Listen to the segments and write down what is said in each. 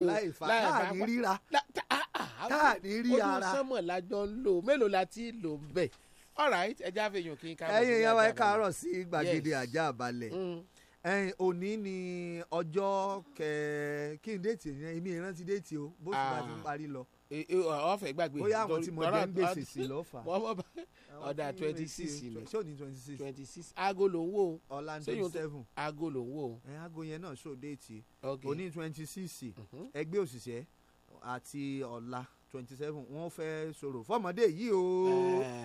láì fà káàní ríra káàní rí ara. ojú sánmọ̀ la ń lò mélòó la ti lò ń bẹ̀ ẹja fèèyàn kí n ká. ẹ̀yin ìyá wa káàárọ̀ sí gbàgede àjà àbálẹ̀ mm. ẹ̀yin òní ni ọjọ́ kẹ kí n déètì yẹn èmi ìrántí déètì o bó ti bá ti ń ah. parí lọ ọfẹ eh, eh, gbàgbé bóyá àwọn tí mo jẹ ń gbèsè sí ló fà á ọ̀dà twenty six ni ṣé òní twenty six twenty six aago ló ń wò ó ọ̀la twenty seven aago ló ń wò ó. ẹ aago yẹn náà ṣó déètì òní twenty six mhm. ẹgbẹ́ òṣìṣẹ́ àti ọ̀la twenty seven wọ́n fẹ́ sọ̀rọ̀ fọ́mọdé yìí o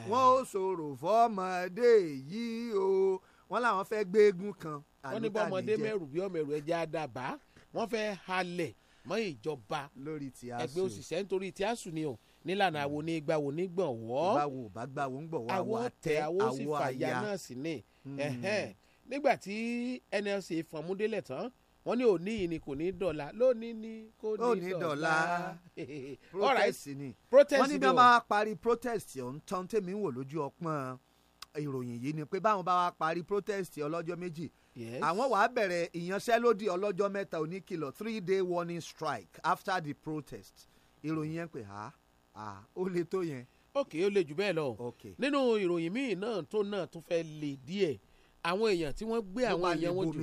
wọ́n ó sọ̀rọ̀ fọ́mọdé yìí o wọ́n làwọn fẹ́ gbéégún kan. wọ́n ní bọ́mọdé mẹ́rù bí ọmọ ẹ̀rù ẹja dàbá wọ́n fẹ́ halẹ̀ mọ́ ìjọba ẹgbẹ́ òṣìṣẹ́ nítorí tí a sùn ni o nílànà mm. àwo ní igba wo ní gbọ̀wọ́ ìbáwo bá gbà wo ń gbọ̀wọ́ àwọ̀ àtẹ àwọ̀ àyà àwọ̀ sì fàyà náà sì ni mm. nígbà tí NLC fọ̀múdélẹ̀ tán wọ́n ní òní yìí ni kò ní dọ̀la lónìí ni kò ní dọ̀la protest ni wọ́n ní bí wọ́n máa parí protest ọ̀hún tán tèmi ń wò lójú ọpọ́n ìròyìn yìí ni pé báwọn bá wa parí protest ọlọ́jọ́ méjì àwọn wàá bẹ̀rẹ̀ ìyanṣẹ́lódì ọlọ́jọ́ mẹ́ta oníkìlọ̀ three day warning strike after the protest ìròyìn yẹn pé ha ha ó le tó yẹn. ok ó le jù bẹ́ẹ̀ lọ nínú ìròyìn míì náà tó náà tó fẹ́ le díẹ̀ àwọn èèyàn tí wọ́n gbé àwọn èèyàn wọn jù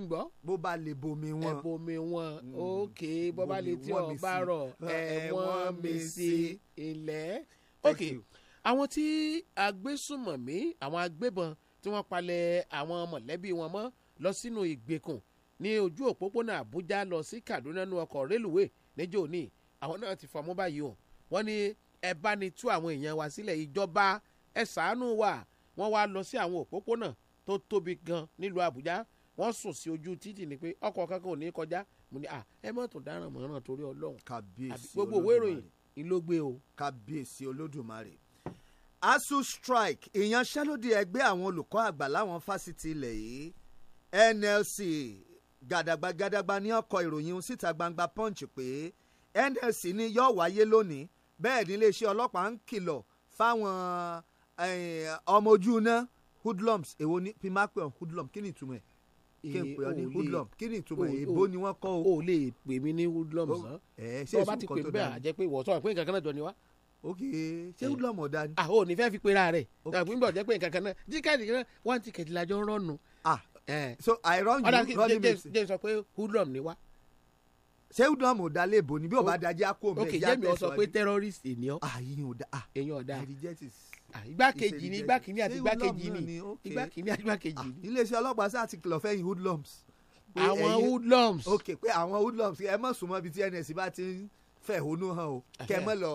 ń gbọ́. bó bá lè bomi wọn. ẹ bomi wọn hmm. ok bó bá tí ọ bá rọ ẹ wọ́n mi sí ilẹ̀. ok àwọn tí agbésùmọ̀mí àwọn agbébọn tí wọ́n palẹ̀ àwọn mọ̀lẹ́bí wọn mọ́ lọ sínú ìgbèkùn ní ojú òpópónà Àbújá lọ sí Kaduna nu ọkọ̀ rélùwé níjó ní àwọn náà ti fọmú báyìí o wọ́n ní ẹ bá ní tú àwọn èèyàn wa sílẹ̀ ìjọba ẹ ṣàánú wa wọ́n wá lọ sí àwọn òpópónà tó tóbi gan nílùú Àbújá wọ́n sùn sí ojú títì ni pé ọkọ̀ kankan ò ní kọjá mo ní à ẹ má tún dáràn mọ́ràn torí Ọlọ́run gbogbo òwe ìròyìn ìlógbé o. kábíyèsí Olódùmarè asu strike ìyanṣẹ́lódì ẹgbẹ́ àwọn olùkọ́ àgbà láwọn fásitì ilẹ̀ yìí NLC gàdàgbà gàdàgbà ní ọkọ̀ ìròyìn síta gbangba punch pé NLC ni yóò wáyé lónìí bẹ́ẹ̀ ni iléeṣẹ́ ọlọ́pàá ń kìlọ̀ fáwọn ọmọ ojú iná hoodlums èwo ni fi máa pè ọ́ hoodlum kí ni ìtumọ̀ ẹ̀ kí n pè ọ́ ní hoodlum kí ni ìtumọ̀ ẹ̀ èbó ni wọ́n kọ́ o. o lè pè mí ní hoodlums náà tó o bá ti pè mí bẹ́ẹ̀ àjẹpé ìwọ̀sán àpé nǹkan náà jọ ni wá ok ṣé hoodlum ọ̀dà ni. àwọn òní fẹ́ẹ́ fi pera rẹ̀ tàbí ń bọ̀ jẹ́ pé nǹkan kan náà jíkàdì kan náà one ticket lajọ ń rọ́ọ̀nù. ah so i run you run me. ọ̀dà jẹ́ sọ pé hoodlum ni wá. ṣé hoodlum ọ̀dà lè bò ní bí ọba adajì á kó mẹ́ẹ̀ já bẹ́ẹ̀ sọ ni. ok jẹ́mi ọ sọ pé terrorist ni ọ. àyìn ọ̀dà èyàn ọ̀dà igbákejì ni igbákejì àti igbákejì ni igbákejì àti igbákejì ni. iléeṣẹ́ ọlọ́pàá sáà ti kìlọ̀ fẹ́yìn hoodlums àwọn hoodlums. ok pé àwọn hoodlums ẹ mọ̀ súnmọ́ bíi tí nsc bá ti ń fẹ̀hónú hàn o kẹ́ mọ́ lọ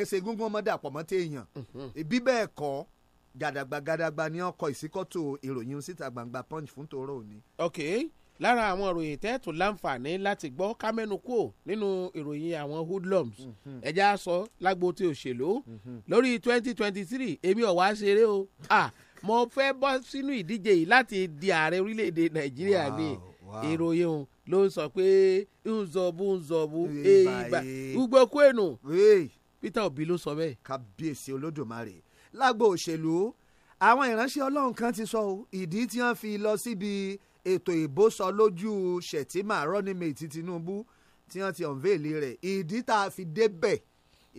ẹsẹ̀ gúngún ọmọ dàpọ̀ mọ́ téèyàn mhm. bí bẹ́ẹ̀ kọ́ gàdàgbà gàdàgbà ni ọkọ̀ ìsíkọ́tò ìròyìn síta gbangba punch fún tòró òní. ok lára àwọn ìròyìn tẹ́ẹ̀tù láǹfààní láti gbọ́ kámẹ́nu kò nínú ìròyìn àwọn hoodlums mhm. ẹ̀já sọ lágbo tí òṣèlú mhm. lórí twenty twenty three èmi ọ̀wá ṣeré o ah mo fẹ́ bọ́ sínú ìdíje yìí láti di ààrẹ orílẹ̀-èdè nàìjíríà ni ìròyìn o ló ń sọ pé nzọ̀bù nzọ̀bù èyígbà gbogbo kó ènù Peter Obi ló sọ bẹ́ẹ̀. kábíyèsí olódùmarè lágbo òṣèlú àwọn ìránṣẹ́ ọlọ́run kan ti sọ ìdí tí wọ́n fi lọ síbi ètò ìbò sọ lójú Ṣètìmá rọ́nìmẹ̀tì Tinubu tí wọ́n ti ọ̀nvẹ́ẹ̀lì rẹ̀ ìdí tá a fi débẹ̀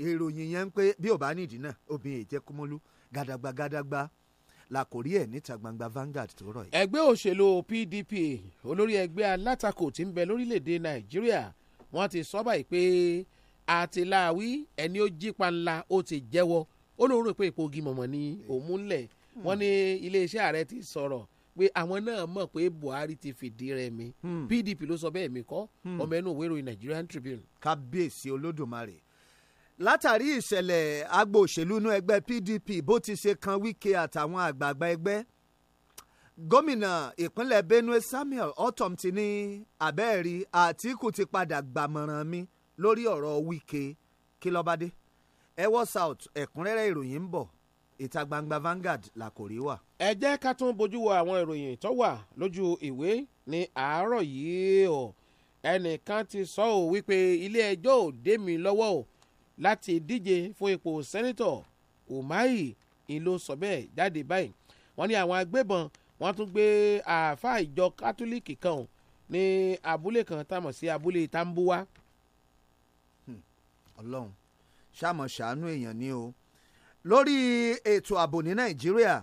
ìròyìn yẹn ń pé bí ò bá nídìí náà obìnrin ìjẹkùmọ́lú gàdàgbà gàdàgbà làkòrí ẹ̀ níta gbangba Vanguard tó rọ̀ yìí. ẹgbẹ́ òṣèlú PDP olórí ẹgbẹ́ alátakò tí ń bẹ lórílẹ̀‐èdè Nàìjíríà wọ́n ti sọ báyìí pé àtìláàwí ẹni ó jí panla ó ti jẹ́wọ́ ó lóun rò pé ìpògi mọ̀mọ́ ni òun ńlẹ̀ hmm. wọ́n ní iléeṣẹ́ ààrẹ ti sọ̀rọ̀ pé àwọn náà mọ̀ pé Buhari ti fìdí rẹmi PDP hmm. ló sọ bẹ́ẹ̀ mi kọ́ hmm. ọmọ ẹnu ìwé ìròyìn Nigerian Tribune. kábíyèsí olódùmarè látàrí ìṣẹ̀lẹ̀ agbo òṣèlú inú ẹgbẹ́ PDP bó ti ṣe kan Wike àtàwọn àgbààgbà ẹgbẹ́ gómìnà ìpínlẹ̀ Benue Samuel Otom ti ní abẹ́ẹ̀rí Àtíkù ti padà gbàmọ̀ràn mi lórí ọ̀rọ̀ Wike kí ló bá dé ẹ wọ́ south ẹ̀kúnrẹ́rẹ́ ìròyìn ń bọ̀ ìta gbangba Vanguard la kò rí wà. ẹ jẹ́ ká tún bójú wo àwọn ìròyìn tó wà lójú ìwé ní àárọ̀ yìí o ẹnìkan ti sọ ọ́ wípé ilé ẹjọ́ ò dé mi lọ́wọ́ o láti díje fún ipò sẹ́nítọ̀ Umahi ìlú sọ bẹ́ẹ̀ jáde báyìí wọ́n ní àwọn agbébọn wọ́n tún gbé àáfàá ìjọ kátólíìkì kan ní abúlé kan támọ̀ sí abúlé Tambuwa. Hmm. Ọlọ́run ṣàmọ̀ ṣàánú èèyàn ni o lórí ètò ààbò ní Nàìjíríà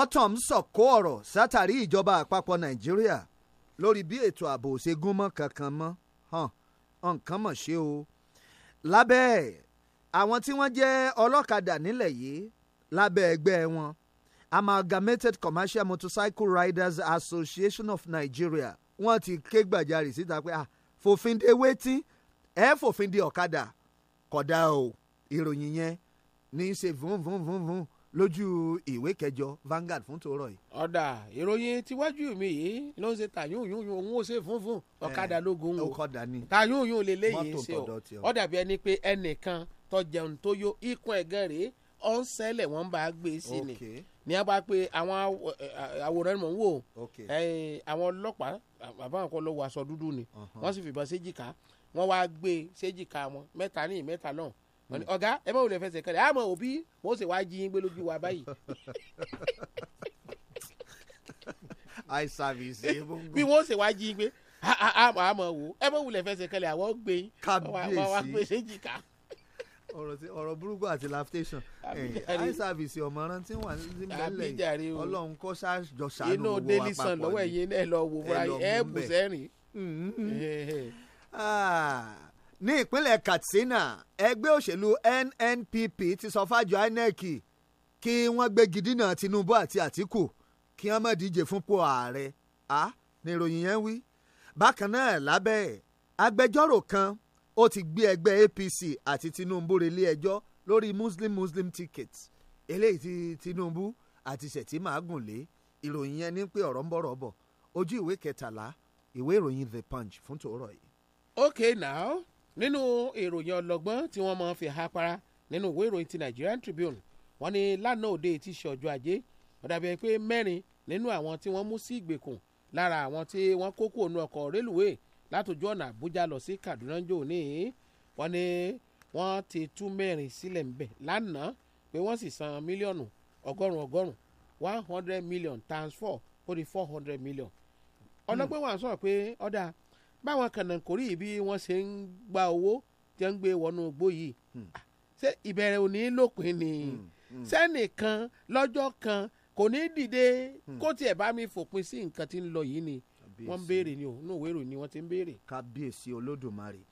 otom sọ̀kò ọ̀rọ̀ sátàrí ìjọba àpapọ̀ Nàìjíríà lórí bí ètò ààbò ṣe gúnmọ́ kankan mọ́ hàn nǹkan mọ̀ ṣe o lábẹ́ ẹ̀ àwọn tí wọ́n jẹ́ ọlọ́kadà nílẹ̀ yìí lábẹ́ ẹgbẹ́ wọn Amalgamated Commercial Motorcycle Riders Association of Nigeria wọ́n ti ké gbàjarè síta pé fòfin de wetin ẹ fòfin de ọ̀kadà kódà o ìròyìn yẹn ní í ṣe vun vun. vùn vùn lójú ìwé kẹjọ Vanguard fún tòórọ yìí. ọ̀dà ìròyìn tíwájú mi yìí ló ń ṣe tàyún yún yún òun ó ṣe funfun ọ̀kadà lógun o tàyún yún lélẹ́ yìí ṣe o ọ̀dà bí ẹni pé ẹnìkan tó jẹun tó yó ikùn ẹ̀gán rèé ọ̀n sẹ́lẹ̀ wọ́n bá gbé e sí ni ní a bá pé àwọn àwòrán mọ̀ ń wò àwọn ọlọ́pàá bàbá àwọn kan lọ wọ aṣọ dúdú ni wọ́n sì fìbọn séjìká wọ́n wá gbé séjìká e wọn mẹ́ta ní ìmẹ́ta náà wọn ni hmm. ọ̀gá ẹ má wulẹ̀ fẹsẹ̀ kẹlẹ̀ àmọ́ òbí wọn ó sì wá jí yín gbé lójú wa báyìí. àìsàn mi ṣe é gbogbo. bí wọn ó sì wá jí yín gbé àmọ́ àmọ́ wò ẹ má wulẹ̀ fẹsẹ̀ kẹlẹ̀ àwọn gbé yín wọn wá gbé séjì ká ọ̀rọ̀ burúkú àti laftation eye service ọ̀mọ̀ràn tí wà ní mẹ́lẹ̀ ọlọ́run kọ́ ṣàjọ ṣàánú owó apapọ̀ ni inú daily sun lọ́wọ́ ẹ̀yẹ náà lọ wò fúra ní ìpínlẹ̀ Katsina ẹgbẹ́ òṣèlú NNPP ti sọ fájọ INEC kí wọ́n gbégi dínà Tinubu àti Àtíkù kí wọ́n má díje fúnpò ààrẹ a ní ìròyìn yẹn wí bákan náà lábẹ́ ẹ̀ agbẹjọ́rò kan ó ti gbé ẹgbẹ́ APC àti Tinubu relé ẹjọ́ lórí Muslim Muslim ticket eléyìí ti Tinubu àti Sẹ̀tìmá gùn lé ìròyìn yẹn ní pé ọ̀rọ̀ ń bọ̀rọ̀ bọ̀ ojú ìwé kẹtàlá ìwé ìròyìn The Punch fún tòórọ̀ yìí. okay now nínú ìròyìn ọlọ́gbọ́n tí wọ́n mọ̀ fi ha para nínú ìwé ìròyìn ti Nigerian Tribune wọ́n ní lánàá òde ti ṣe ọjọ́ ajé ọ̀dàbẹ̀ pé mẹ́rin nínú àwọn tí wọ́n mú sí ìgbèkùn lára àwọn tí wọ́n kó kúrò ní ọkọ̀ rélùwéè látòjú ọ̀nà Àbújá lọ sí Kaduna jò ní wọ́n ní wọ́n ti tú mẹ́rin sílẹ̀ ńbẹ̀ lánàá pé wọ́n sì san mílíọ̀nù ọgọ́rùn ọgọ́rùn one hundred million times four ó di four hundred million ọlọ́gbọ́n wa sọ̀rọ̀ pé ọ̀dà báwọn kànáńkórì bí wọ́n ṣe ń gba owó jẹ́ ń gbé wọnú igbó yìí hmm. ah, ṣé ìbẹ̀rẹ̀ ò ní lópin ni hmm, hmm. sẹ́nìkan lọ́jọ́ kan kò ní dìde kó tiẹ̀ bá mi fòpin sí nǹkan tí ń lọ yìí ni wọ́n ń béèrè ni o inú ìwé ìròyìn ni wọ́n ti ń béèrè. kábíyèsí olódùmarè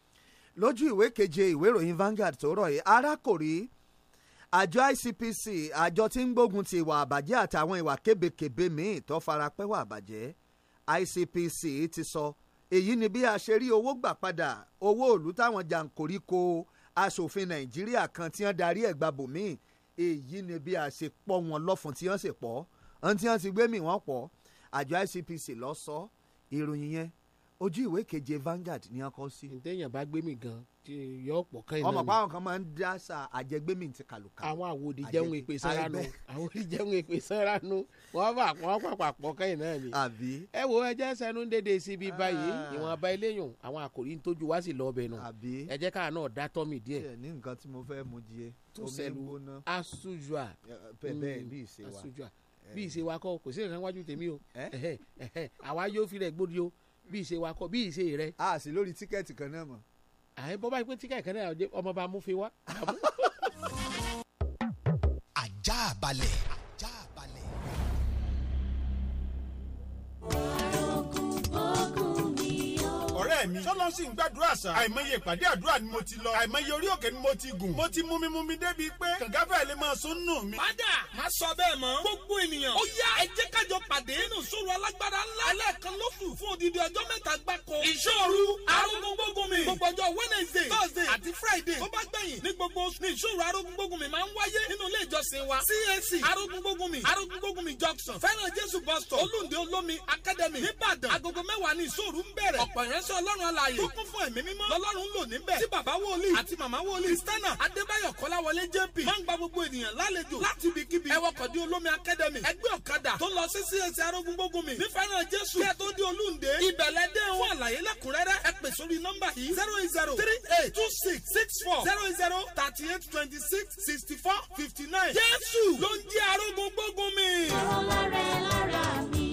lójú ìwé keje ìwé ìròyìn Vanguard tó rọ̀ yìí arákòrí àjọ ICPC àjọ tí ń gbógun ti ìwà àbàjẹ́ àtàwọn ìwà kébékèbé míì tó farapẹ́ wà àbàjẹ́ ICPC ti sọ so, èyí ni bí a ṣe rí owó gbà padà owó ìlú táwọn jàǹkóríko aṣòfin nàìjíríà kan tí wọ́n darí ẹ̀ gba bòmí èyí ni bí a ṣe pọ̀ wọn lọ́fun tí wọ́n sì pọ̀ ọ́n tí wọ́n ti gbé mi wọ́n pọ̀ àjọ ICPC ló sọ ìròyìn yẹn ojú ìwé keje Vanguard ni a kọ sí. ǹdẹ́yìn bá gbé mi gan yọ ọ̀pọ̀ kan iná. ọmọ báwọn kan máa ń dá sa àjẹgbémì ti kàlùkà. àwọn àwòdì jẹun èpè sanra nu àwọn òdì jẹun èpè sanra nu wọn bá wọn pàpà pọ̀ kan iná ni. àbí. ẹ wo ẹjẹ sẹnu dédé síbi báyìí ah. ìwọ̀nba eléyùn àwọn àkòrí ń tójú wá sí lọ́ọ̀bẹ nù. àbí ẹ jẹ́ káà náà dá tọ́mì díẹ̀. ṣe ní nǹkan tí mo fẹ́ mu jẹ omi gbóná. asujua mm. bẹ́ẹ̀ bí ìṣe wa bí ìṣe wa kọ kò sí ìrànwájú tèmi o àwa yóò fi rẹ̀ gbódì o bí ìṣe wa kọ bí ìṣe rẹ. a sì lórí tíkẹ́ẹ̀tì kan náà mọ̀. àyè bọ́ báyìí pé tíkẹ́ẹ̀tì kan náà ọmọ bá mú fi wá. ajá balẹ̀. iṣẹ́ mi. sọlọ sì ń gbàdúrà sá. àìmọye ìpàdé àdúrà ni mo ti lọ. àìmọye orí òkè ni mo ti gùn. mo ti mumi mumi débi pé kànga fẹ́ lè máa sún nù mí. padà má sọ bẹ́ẹ̀ mọ́. gbogbo ènìyàn ó yá ẹ kájọ pàdé nínú ìṣòro alágbára ńlá. ẹlẹ́ẹ̀kan lóṣù fún odidi ọjọ́ mẹ́ta gbáko. ìṣòro arógúngógún gbogbo ọjọ́ wednesday thursday àti friday tó bá gbẹ̀yìn ní gbogbo oṣù ní ìṣòro arógúngógún mi máa ń wáyé nínú ilé ìjọsìn wa. cac arógúngógún mi arógúngógún mi junction fẹ́ràn jésù bus stop olóńdé olómi academy níbàdàn agogo mẹ́wàá ní ìṣòro ń bẹ̀rẹ̀ ọlọ́run alààyè tó kún fún ẹ̀mí mímọ́ lọ́lọ́run lò níbẹ̀ tí bàbá wòlíì àti màmá wòlíì kristiana adébáyọ̀ kọ́láwọlé jp máa ń gba gbogbo ènìyàn lálejò láti ibikíbi ẹ wọkọ̀ dé olómi akademi ẹgbẹ́ ọ̀kadà tó lọ sí csc arógún gbógunmi ní fẹ́ràn jésù kí ẹ tó di olóńdé ìbẹ̀lẹ̀ dé fún àlàyé lẹ́kùnrẹ́rẹ́ ẹ pè sórí nọ́mbà yìí zero eight zero three eight two six six four zero zero thirty eight twenty six sixty four fifty nine jésù ló ń jẹ́ arógún gbógunmi. ọ̀rọ̀ lára lára mi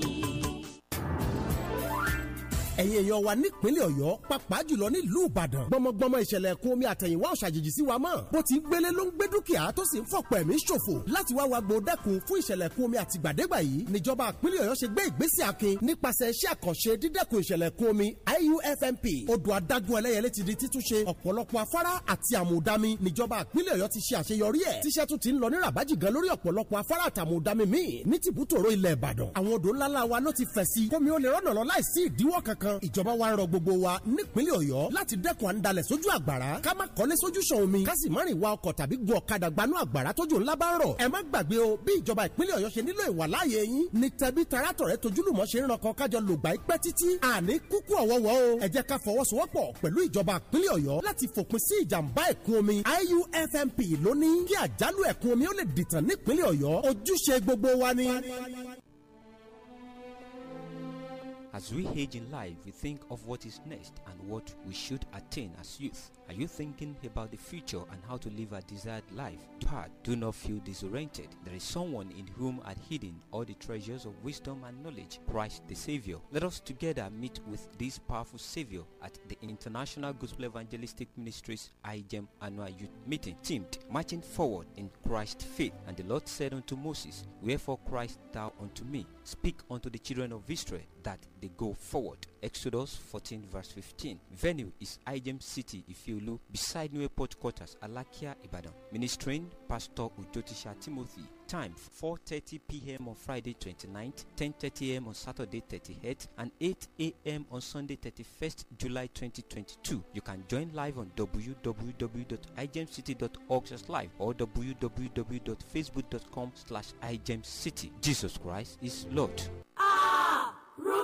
ẹ̀yin èèyàn wa nípínlẹ̀ ọ̀yọ́ pàápàá jùlọ nílùú ìbàdàn gbọmọgbọmọ ìṣẹ̀lẹ̀ ẹ̀kún omi àtẹ̀yìnwá ọ̀ṣàjèjì sí wa mọ́ bó ti ń gbélé ló ń gbé dúkìá tó sì ń fọ̀pọ̀ ẹ̀mí ṣòfò láti wá wagbo dẹ́kun fún ìṣẹ̀lẹ̀ ẹ̀kún omi àtìgbàdégbà yìí níjọba ìpínlẹ̀ ọ̀yọ́ ṣe gbé ìgbésẹ̀ akin nípasẹ̀ iṣẹ́ àkànṣe dídẹ́kun ìṣẹ̀lẹ̀ ẹ̀kún omi IUFMP odò adágún ẹlẹ́yẹlé ti di títúnṣe ọ̀pọ̀lọpọ̀ afárá àti àmùdámi níjọba ìpínlẹ̀ ọ̀yọ́ ti ṣe àṣeyọrí ẹ̀ tíṣẹ́ tún ti ń lọ ní ràbájì kan ìjọba wa rọ gbogbo wa nípínlẹ̀ ọ̀yọ́ láti dẹ́kun àǹdalẹ̀ sójú àgbàrá ká má kọ́lé sójú sàn omi ká sì má rìn wa ọkọ̀ tàbí gun ọ̀kadà gbanú àgbàrá tójú ńlá bá rọ̀ ẹ má gbàgbé o bí ìjọba ìpínlẹ̀ ọ̀yọ́ ṣe nílò ìwà yín ni tẹbí tarátọ̀rẹ́ tojúlùmọ̀ ṣe ń ran o ẹ jẹ́ ká fọwọ́sowọ́pọ̀ pẹ̀lú ìjọba ìpínlẹ̀ ọ̀yọ́ láti fòpin sí ìjàmbá ẹ̀kún omi IUFMP lónìí kí àjálù ẹ̀kún omi ó lè dìtàn nípínlẹ̀ ọ̀yọ́ ojúṣe gbogbo As we age in life, we think of what is next and what we should attain as youth. Are you thinking about the future and how to live a desired life? Part, do not feel disoriented. There is someone in whom are hidden all the treasures of wisdom and knowledge, Christ the Savior. Let us together meet with this powerful Savior at the International Gospel Evangelistic Ministries IGEM annual youth meeting, themed Marching Forward in Christ's Faith. And the Lord said unto Moses, Wherefore Christ thou unto me, speak unto the children of Israel that they go forward. Exodus 14 verse 15. Venue is IGEM City, Ifiulu, beside New Airport Quarters, Alakia, Ibadan. Ministering Pastor Ujotisha Timothy. Time 4:30 p.m. on Friday 29th, 10:30 a.m. on Saturday 38th, and 8 a.m. on Sunday 31st July 2022. You can join live on www.igemcity.org/live or www.facebook.com/igemcity. Jesus Christ is Lord.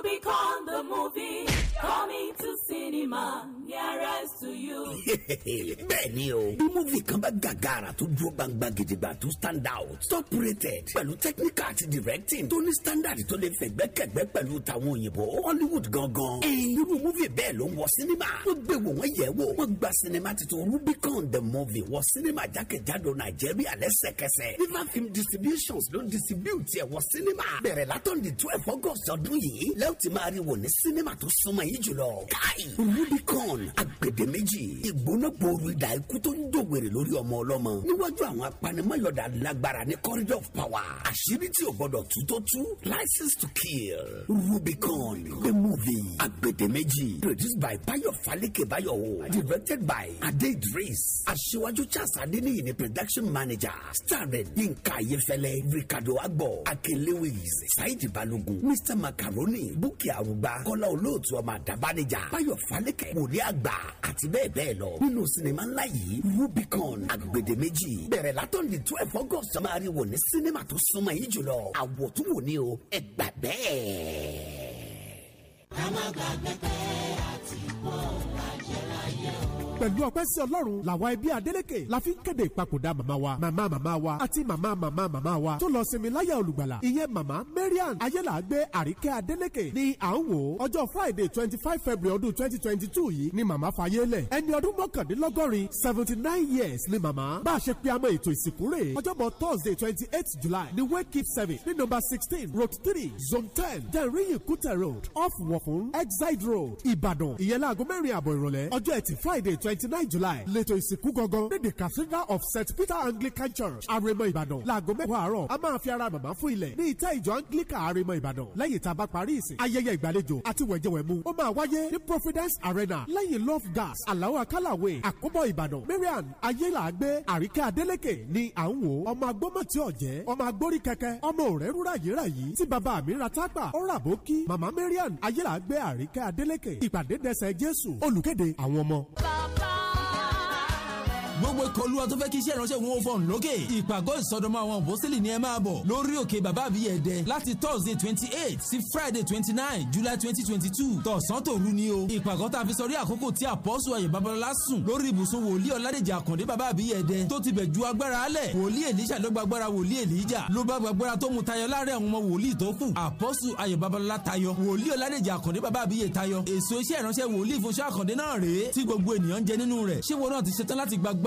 Rubicon the movie coming to cinema. nearest to you. bẹ́ẹ̀ni o bí múvì kan bá gàgàrà tó dúró gbangba gidigba tó stand out top rated pẹ̀lú technical àti directing tó ní standard tó lè fẹ̀gbẹ́kẹ̀gbẹ́ pẹ̀lú tàwọn òyìnbó hollywood gangan. irú múvì bẹ́ẹ̀ ló ń wọ sinima wọ́n gbé wò wọ́n yẹ̀ wò wọ́n gba sinima titun rubicon the movie wọ sinima jákèjádò nàìjíríà lẹ́sẹ̀kẹsẹ̀ river film distributions ló distribute ẹ̀ wọ sinima bẹ̀rẹ̀ látọ̀n di twelve august ọdún yìí lẹ́wọ̀n ti máa rí wò ní sinima tó súnmọ́ yìí jùlọ káì rubicon ọ̀nà àgbèdéméjì ìgbónàgbòòrò ìdá ikú tó ń dògbèrè lórí ọmọ ọlọ́mọ níwájú àwọn apanimọ̀yọ̀dà lágbára ní corridor of power àṣírí tí o gbọdọ̀ tú tó tú license to kill rubicon the movie àgbèdéméjì produced by bayo falike bayo directed by ade idris aṣíwájú charles adeniyi ni production manager starred yinka ayefẹlẹ ricardo agbo akelewis saidi balogun mr macaroni Bukia arugba kọ́lá olóòtú ọmọ àdàbánijà bayo falike wòlíà àgbà àti bẹ́ẹ̀ bẹ́ẹ̀ lọ nínú sinimá ńlá yìí Rubicon agbèdémèjì bẹ̀rẹ̀ látọ̀ ní twelve august sọmaari wò ní sinimá tó súnmọ́ yìí jùlọ àwọ̀ tó wò ní o ẹ gbà bẹ́ẹ̀. ká má gbàgbé pé pẹ̀lú ọpẹ́ sí ọlọ́run làwa ẹbí Adélékè la fi ń kéde ìpapòdà màmá wa màmá màmá wa àti màmá màmá màmá wa tó lọ sinmi láyà olùgbàlà ìyẹn màmá Marian ayélàgbé àríkẹ́ adeleke ni à ń wò ọjọ́ Friday twenty five February ọdún twenty twenty two yìí ni màmá fayé lẹ̀ ẹni ọdún mọ́kàndínlọ́gọ́rin seventy nine years ni màmá bá a ṣe pe amọ̀ ètò ìsìnkú rẹ̀ ọjọ́bọ̀ Thursday twenty eight July ni wake keep service ní number sixteen road three zone ten jẹ̀ríyìn kútẹ̀ road off wọ̀kún exide road Ìbàdàn ìyẹn láago mẹ́rin àbọ̀ ìrọ̀lẹ́ ọjọ́ ẹtì Friday twenty 29 july lẹ́tọ̀ ìsìnkú gangan ní the cathedral of st peter anglican church àrèmọ ìbàdàn láago mẹ́wàá àárọ̀ a máa fi ara màmá fún ilẹ̀ ní ìtẹ́ ìjọ anglican àrèmọ ìbàdàn lẹ́yìn tá a bá parí ìsìn ayẹyẹ ìgbàlejò àti wẹ̀jẹ̀wẹ̀mu ó máa wáyé ní providence arena lẹ́yìn love gas àlàó akálàwé àkóbọ̀ ìbàdàn marian ayélàgbé àríkẹ́ adélèké ni à ń wò ọmọ agbọ́mọ̀tì ọ̀jẹ́ ọmọ agbórí kẹ̀kẹ́ ọmọ òrẹ́ rúra yìí rà yìí tí bàbá mi ra tápà ó rà bó kí màmá marian ayélàgbé àríkẹ́ adélèké ìpàdé dẹsẹ̀ jésù olùkéde àwọn ọmọ. bàbá gbogbo ikọ̀ olúwa tó fẹ́ kí iṣẹ́ ìránṣẹ́ wọn ó fọ̀n lókè ìpàgọ́ ìsọdọmọ àwọn àpọ́sítélì ni ẹ máa bọ̀ lórí òkè bàbá àbí ẹ̀dẹ láti thursday twenty eight sí friday twenty nine july twenty twenty two tọ̀sán tòru ni o ìpàgọ́ tá a fi sọrí àkókò tí àpọ́sù ayọ̀ babalọ́lá sùn lórí ibùsùn wòlíì ọ̀ládèjì àkàndé bàbá àbí ẹ̀dẹ tó ti bẹ̀ ju agbára alẹ̀ wòlíì èlíṣà ló gba agbára wòlíì èlíjà ló bá gba tó mu tayọ láàrin àwọn ọmọ wòlíì tó kù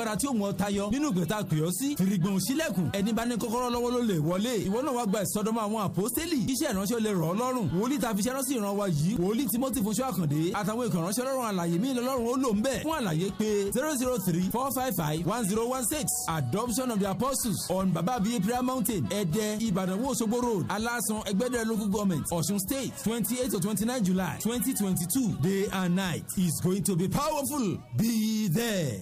agbára tí ó mú ọ nínú ìgbẹ́ta pè sí fìrìgbọ̀n òsílẹ̀kùn ẹni bá ní kọ́kọ́rọ́ lọ́wọ́ ló lè wọlé ìwọ náà wá gba ìsọdọ̀mọ́ àwọn àpọ́sítélì iṣẹ́ ìránṣẹ́ lè rọ̀ ọ́ lọ́rùn wòlíì tàfi iṣẹ́ ránṣẹ́ ìran wa yìí wòlíì timothy funṣọ́ àkàndé àtàwọn ìkàn ránṣẹ́ lọ́rùn àlàyé mi lọ́rùn ó lò ń bẹ̀ fún àlàyé pé zero zero three four five five one zero one six adoption of the apostles on baba abiy prayer mountain ẹ̀dẹ́ ìbàdàn wo òṣogbo road alásan ẹgbẹ́dẹ̀ local government ọ̀ṣun state twenty eight to twenty nine july twenty twenty two day and night is going to be powerful be there.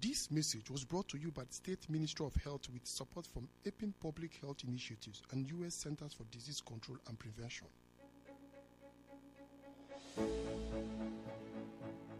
This message was brought to you by the State Ministry of Health with support from APIN Public Health Initiatives and U.S. Centers for Disease Control and Prevention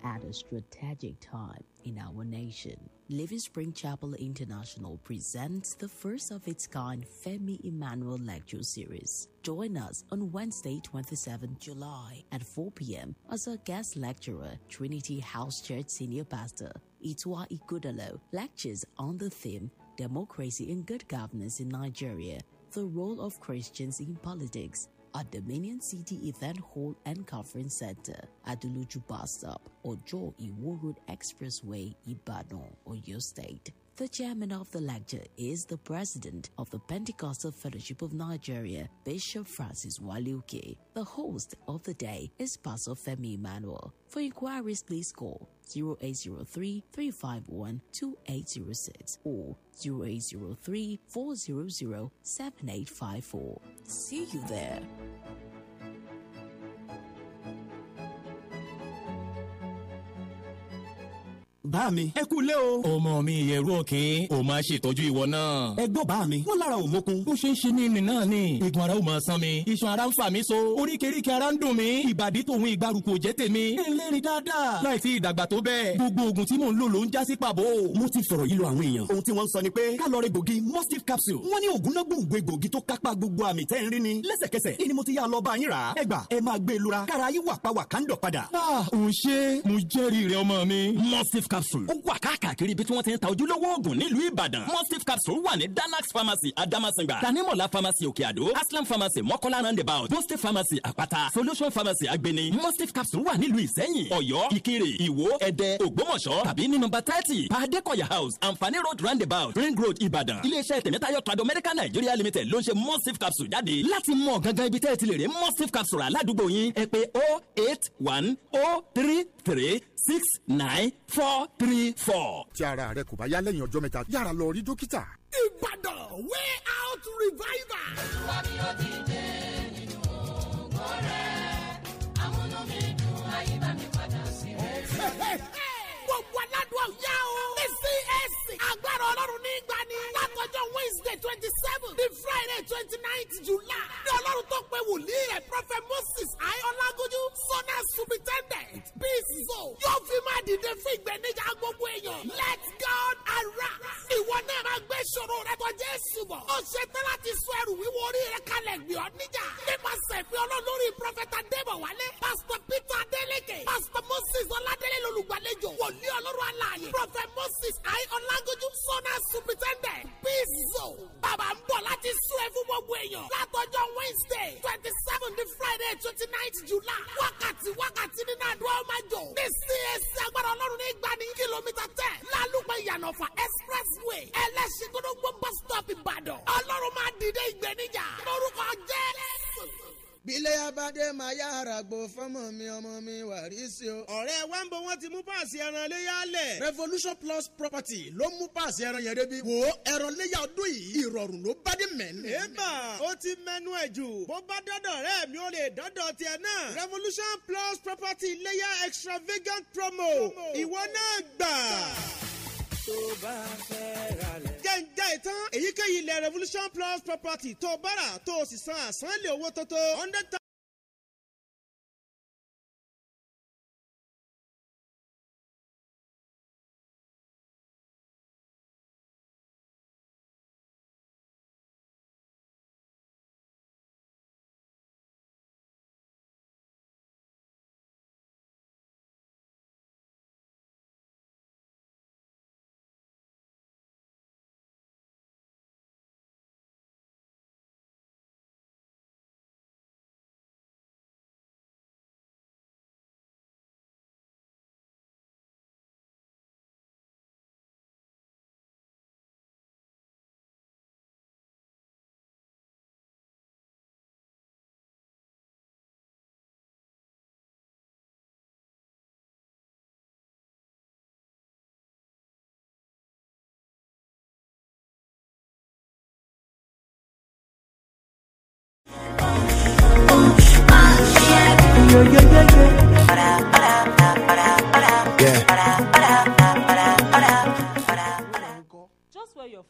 at a strategic time in our nation. Living Spring Chapel International presents the first of its kind Femi Emmanuel Lecture Series. Join us on Wednesday, 27 July at 4 p.m. as a guest lecturer, Trinity House Church Senior Pastor Itwa Igudalo lectures on the theme Democracy and Good Governance in Nigeria, the role of Christians in politics at Dominion City Event Hall and Conference Center at the Luchu Bus Stop or Joe Iwo Road Expressway, Ibadan, Oyo State. The chairman of the lecture is the president of the Pentecostal Fellowship of Nigeria, Bishop Francis Waluke. The host of the day is Pastor Femi Emmanuel. For inquiries, please call 0803 351 2806 or 0803 400 7854. See you there. bá mi. ẹ kú lé o. ọmọ mi ìyẹ̀rú òkín o máa ṣètọ́jú ìwọ náà. ẹ gbọ́ bá mi. wọ́n lára ò mókun. ó ṣe ń ṣe ní ìrìn náà ni. igun ara ò máa san mi. iṣan ara ń fà mí so. oríkèéríkèé ara ń dùn mí. ìbàdí tòun ìgbàrúkọ jẹ́ tèmi. ẹ ń lérin dáadáa. láì sí ìdàgbà tó bẹ́ẹ̀. gbogbo oògùn tí mò ń lò ló ń já sí pàbó. mo ti fọ̀rọ̀ yí lọ àwọn èèyàn. ohun tí wọ́n ń sọ ni pé kálọ̀rì gbòógì mustif capsule. wọ́n ní oògùn náà gbòǹgbò egbòogi tó kápá gbogbo àmì tẹ́ ń rí ni. lẹ́sẹ̀kẹsẹ̀ ìní mo ti yá lọ bá yín rà. ẹ gbà ẹ máa gbé e lura. kára ah òun ṣe mo jẹ́rìí capsule capsule ó wà káàkiri ibi tí wọ́n ti ń ta ojúlówó oògùn nílùú Ìbàdàn mustif capsule wà ní Danax pharmacy Adamasingba Tanimola pharmacy Òkè-Àdó Aslam pharmacy Mọ́kọ́lá roundabout Boste pharmacy Àpáta Solution pharmacy Agbeni mustif capsule wà nílùú Ìsẹ́yìn Ọ̀yọ́ Ìkirè Ìwó Ẹdẹ Ògbómọ̀ṣọ́ tàbí ní nọ́mbà thirty Pàdékọ̀yà house Àǹfààní road roundabout Ring road Ìbàdàn iléeṣẹ́ tẹ̀mẹ́tayọ̀ trado medical Nigeria limited ló ń ṣe mustif capsule jáde láti mọ̀ gangan ibi tẹ́ ẹ ti lè rí mustif capsule aládùúgbò yín ẹ pé 081 03 three six nine four three four. tí ara rẹ kò bá yá lẹ́yìn ọjọ́ mẹ́ta yára lọ rí dókítà. ìbàdàn way out revival. wá ní ó ti dé nínú ògbó rẹ̀ amúnú mi dùn àyíká mi. twenty nine july wákàtí wákàtí nínú àdúrà ó máa jò ní CAC agbára ọlọ́run ní ìgbani kìlómítà tẹ̀ lálùpẹ̀ ìyànàfà expressway ẹlẹ́sìn gbọdọ̀gbọ̀ bus stop ìbàdàn ọlọ́run máa bílẹ̀ abadé máa yá àràgbò fọ́mọ mi ọmọ mi wàrí sí o. ọ̀rẹ́ wa ń bọ̀ wọ́n ti mú páàsì ẹran léyà lẹ̀. revolution plus property ló mú páàsì ẹran yẹn débi. wo ẹran léyà ọdún yìí ìrọ̀rùn ló bá dé mẹ́ni. èèmà ó ti mẹ́nu ẹ̀ jù bó bá dọ́dọ̀ rẹ̀ mi ò lè dọ́dọ̀ tiẹ̀ náà. revolution plus property léyà extravagant promo ìwọ náà gbà tó bá fẹ́ ra lẹ̀. jẹ́njẹ́ ìtàn èyíkéyìí ilẹ̀ revolution plus property tó bára tó sì san àsánlé owó tó tó hundred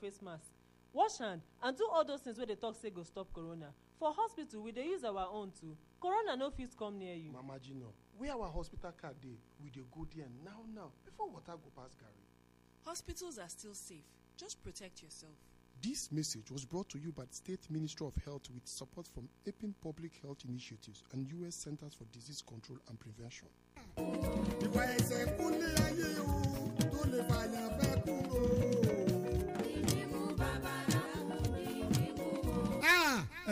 face mask wash hand and do all those things where they talk say go stop corona for hospital we they use our own too corona no fit come near you. mama junior where our hospital card dey we dey go there now now before water go past Gary. hospitals are still safe just protect yourself. This message was brought to you by the State Ministry of Health with support from APIN Public Health Initiatives and U.S. Centers for Disease Control and Prevention.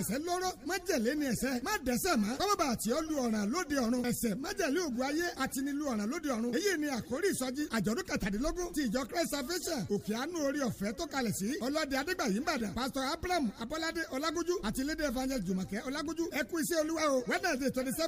ẹ̀ṣẹ̀ lóró májèlé ni ẹ̀ṣẹ̀ má dẹ́ṣẹ̀ mọ́ kọ́mọ́bà àti ọ́ lu ọ̀ràn lóde ọ̀run ẹ̀ṣẹ̀ májèlé ògùn ayé àti ni lu ọ̀ràn lóde ọ̀run èyí ni àkórí ìsọjí àjọ̀dún kẹtàdínlógún ti ìjọ Christ Salvation òkè àánú orí ọ̀fẹ́ tó kalẹ̀ sí ọlọ́dẹ adégbàyí mbàdàn Pastor Abraham Abọ́ládé Ọlágójú àti lédè evangelist Jùmọ̀kẹ́ Ọlágójú ẹ kú iṣẹ́ Olúwa Wednesday twenty seven